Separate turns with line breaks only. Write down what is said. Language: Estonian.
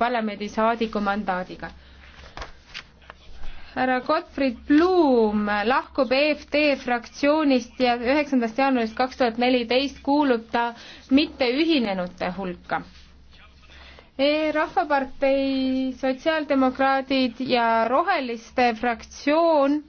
Parlamendi saadiku mandaadiga. härra Gottfried Blum lahkub EFD fraktsioonist ja üheksandast jaanuarist kaks tuhat neliteist kuulub ta mitteühinenute hulka e. rahvapartei Sotsiaaldemokraadid ja Roheliste fraktsioon